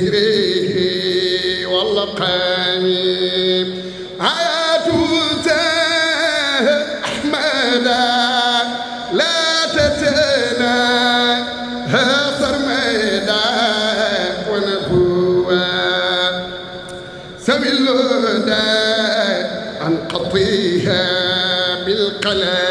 ذكري والقام حياة أحمد لا تتنا سرمدا ونبوة سوي الهدى عن قطيها بالقلم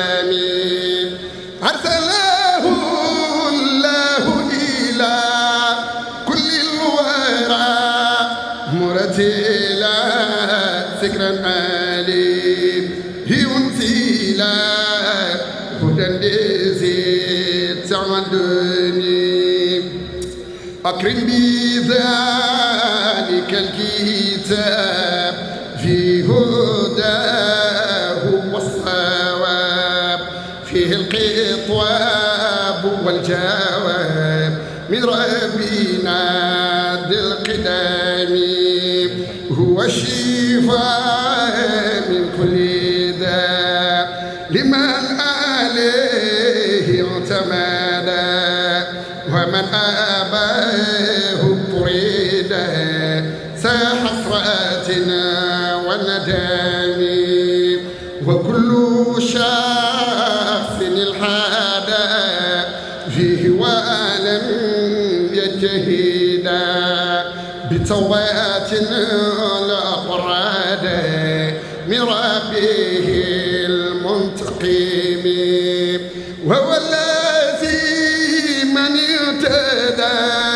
المدني أكرم بذلك الكتاب في هداه والصواب فيه القطواب والجواب من ربنا ذي القدام هو الشفاء وكل شخص الحادى فيه وألم يجهد بتوات الأفراد من ربه المنتقم وهو الذي من اهتدى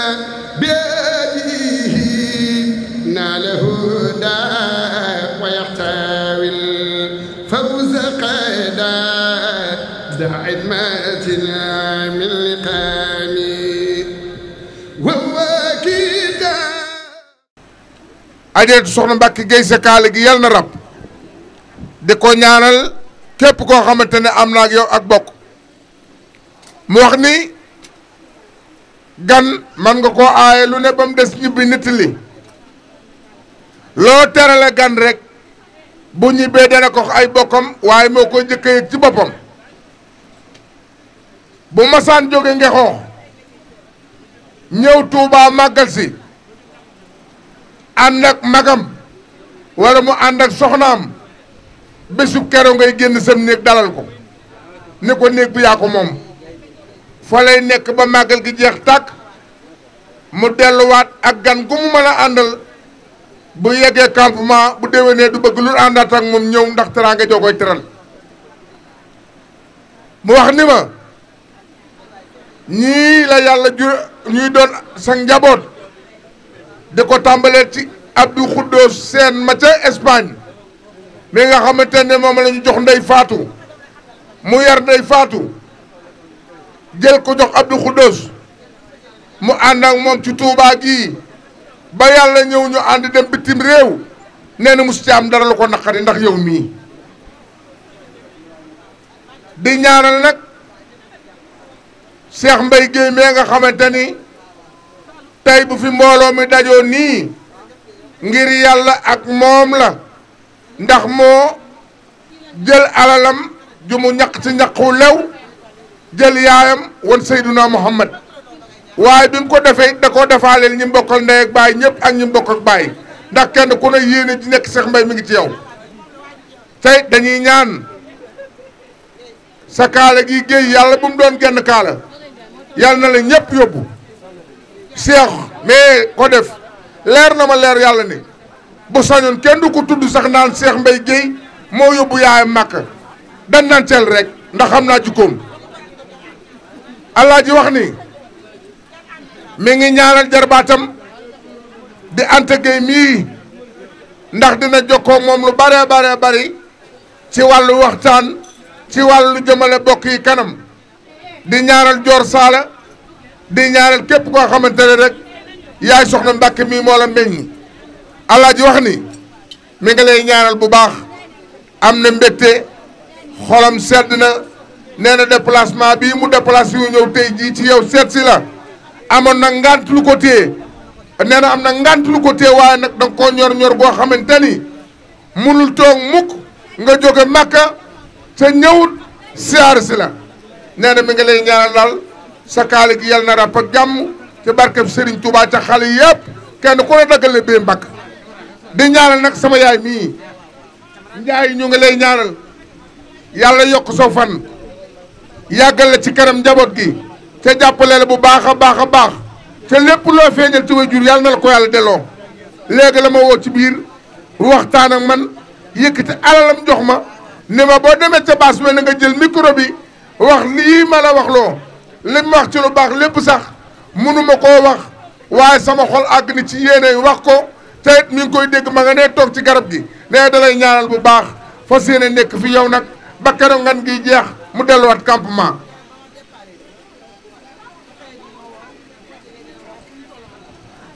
أمتنا soxna Mbacke Gueye sa kaala gi yal na rab di ko ñaanal képp koo xamante ne am naa ak yow ak bokk mu wax ni gan man nga ko aaye lu ne ba mu des ñibbi nit li loo terale gan rekk bu ñibbee dana ko ay bokkam waaye moo ko njëkk yëg ci boppam bu masaan jóge ngexoo ñëw Touba màggal si ànd ak magam wala mu ànd ak soxnaam bésu kero ngay génn sam néeg dalal ko ne ko néeg bi yaa ko moom fa lay nekk ba màggal gi jeex tàkk mu delluwaat ak gan gu mu mën a àndal bu yeggee campement bu déwénee du bëgg lu àndaat moom ñëw ndax teraanga joo koy teral mu wax ni ma ñii la yàlla jur ñuy doon sa njaboot di ko tàmbalee ci Abdou Khoudous seen ma ca Espagne mi nga xamante ne moom la ñu jox ndey faatu mu yar ndey faatu jël ko jox Abdou Khoudous mu ànd ak moom ci Touba gii ba yàlla ñëw ñu ànd dem bitim réew nee na musu ci am dara lu ko naqari ndax yow mii di ñaanal nag. Cheikh Mbaye Guèye mee nga xamante ni tey bu fi mbooloo mi dajoo nii ngir yàlla ak moom la ndax moo jël alalam ju mu ñaq ci ñaqu lew jël yaayam wan Seyduna Muhammad waaye bi mu ko defee da koo defaaleel ñi mbokkal ndey ak baay ñëpp ak ñi mbokk ak baay ndax kenn ku ne yéene di nekk seex mbay mi ngi ci yow tey dañuy ñaan sa kaala gi géey yàlla bu mu doon genn kaala yàlla na leen ñëpp yóbbu seex mais ko def leer na ma leer yàlla ni bu sañoon kenn du ko tudd sax naan seex mbay géey moo yóbbu yaayam màkk dan naan teel rek ndax xam naa jikkoom alaaji wax ni mi ngi ñaanal jarbaatam di Anta Gueye mii ndax dina jokkoo moom lu bare bare bari ci wàllu waxtaan ci wàllu jëmale bokk yi kanam di ñaaral Dior Sala di ñaaral képp koo xamante ne rek yaay soxna Mbàkke mii moo la meññ alaaji wax ni mi nga lay ñaaral bu baax am na mbégte xolam sedd na nee na déplacement bii mu déplacé wu ñëw tey jii ci yow seet si la amoon na ngant lu ko téye nee na am na ngant lu ko téye waaye nag danga koo ñor-ñor goo xamante ni munul toog mukk nga jóge Makka te ñëwut siyaar si la nee na mi nga lay ñaanal daal sa kaali gi yal na ràpp jàmm ci barkeb Serigne Touba ca xale yëpp kenn ku ne daggal ne bee mbakk di ñaanal nag sama yaay mii njaay ñu ngi lay ñaanal yàlla yokk sa fan yàggal ci kanam njaboot gi ca jàppale la bu baax a baax a baax te lépp loo feeñal ci waajur yàlla na la ko yàlla delloo léegi la ma woo ci biir waxtaan ak man yëkkati alalam jox ma ne ma boo demee ca baas mel na nga jël micro bi wax lii ma la wax loo li mu wax ci lu baax lépp sax mënuma koo wax waaye sama xol ak ni ci yéene wax ko te it mi ngi koy dégg ma nga ne toog ci garab gi nee da lay ñaanal bu baax fas yéene nekk fi yow nag ba keroog ngan ngi jeex mu delluwaat campement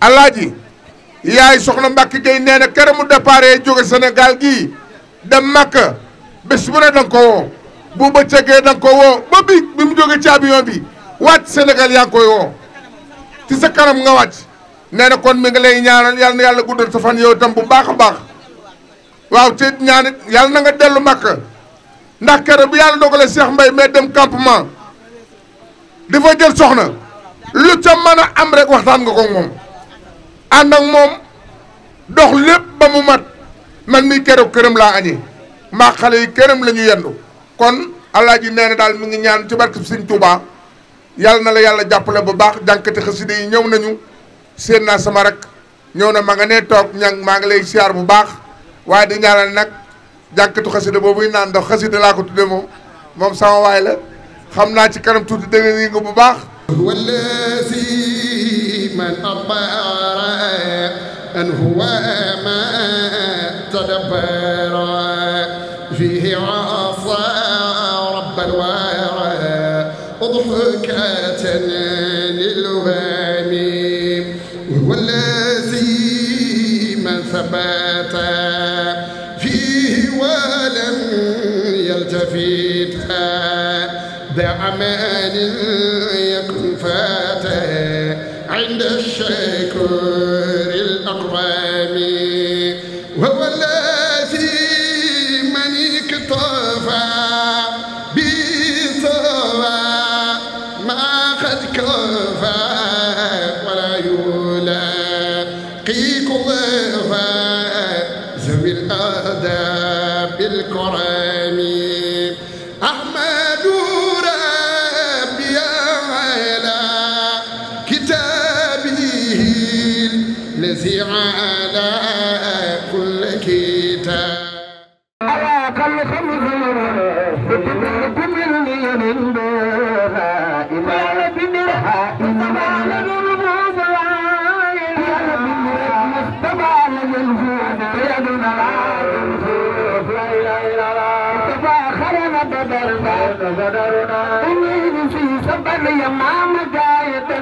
alaaji yaay soxna Mbacke Gueye nee na keroog mu départ jóge senegaal gii dem Makka bés bu ne danga ko bu bëccëgee da nga ko woo ba bi bi mu jógee ci avion bi wàcc Sénégal yaa ngi koy woo ci sa kanam nga wàcc nee na kon mi ngi lay ñaanal na yàlla guddal sa fan yow itam bu baax a baax waaw ci ñaanit yàlla na nga dellu Makka ndax keroog bu yàlla dogalee Cheikh mbay mais dem campement di fa jël soxna lu ca mën a am rek waxtaan nga ko moom ànd moom dox lépp ba mu mat man mii keroog këram laa añee maa xale yi këram la ñu yendu kon alaaji nee na daal mi ngi ñaan ci barke Sëñ Tuubaa yàlla na la yàlla jàppale bu baax jànkati xasida yi ñëw nañu séen naa sama rek ñëw na ma ne toog ñang maa ngi lay siyaar bu baax waaye di ñaanal nag jànkatu xasida yi naan ndox xasida laa ko tudde moom moom sama waay la xam naa ci kanam tuuti dëgg yi nga bu baax wala si man abara an huwa ma tadabara fihi حياتنا للوام وهو الذي من ثبت فيه ولم يلتفت دع من يكن فات عند الشكر الأقوام شريك الله ذوي الآداب الكرام أحمد ربي على كتابه الذي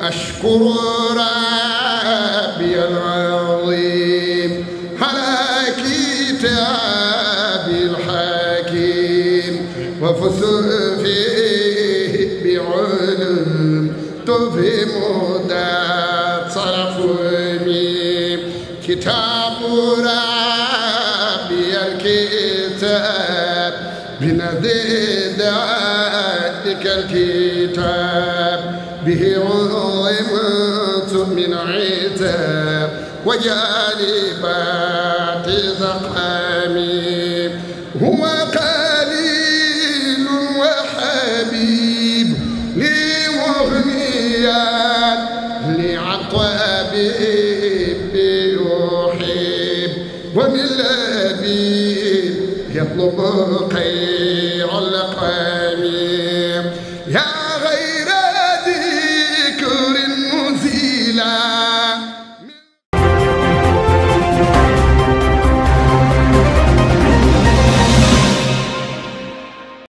أشكر ربي العظيم على كتاب الحكيم وفث فيه بعلم تفهم ذات صرفني كتاب ربي الكتاب بنذير كالكتاب به وظلمت من عتاب وجعلي باتي زقامي هو قليل وحبيب لي مغنيان لعقابي بيحب ومن الأبيب يطلب خير القلب